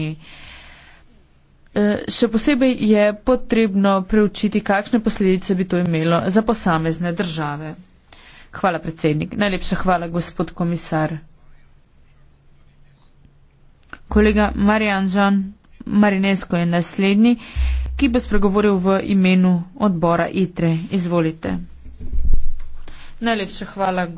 Sloveniji. E, še posebej je potrebno preučiti, kakšne posledice bi to imelo za posamezne države. Hvala, predsednik. Najlepša hvala, gospod komisar. Kolega Marijanžan Marinesko je naslednji, ki bo spregovoril v imenu odbora ITRE. Izvolite. Najlepša hvala.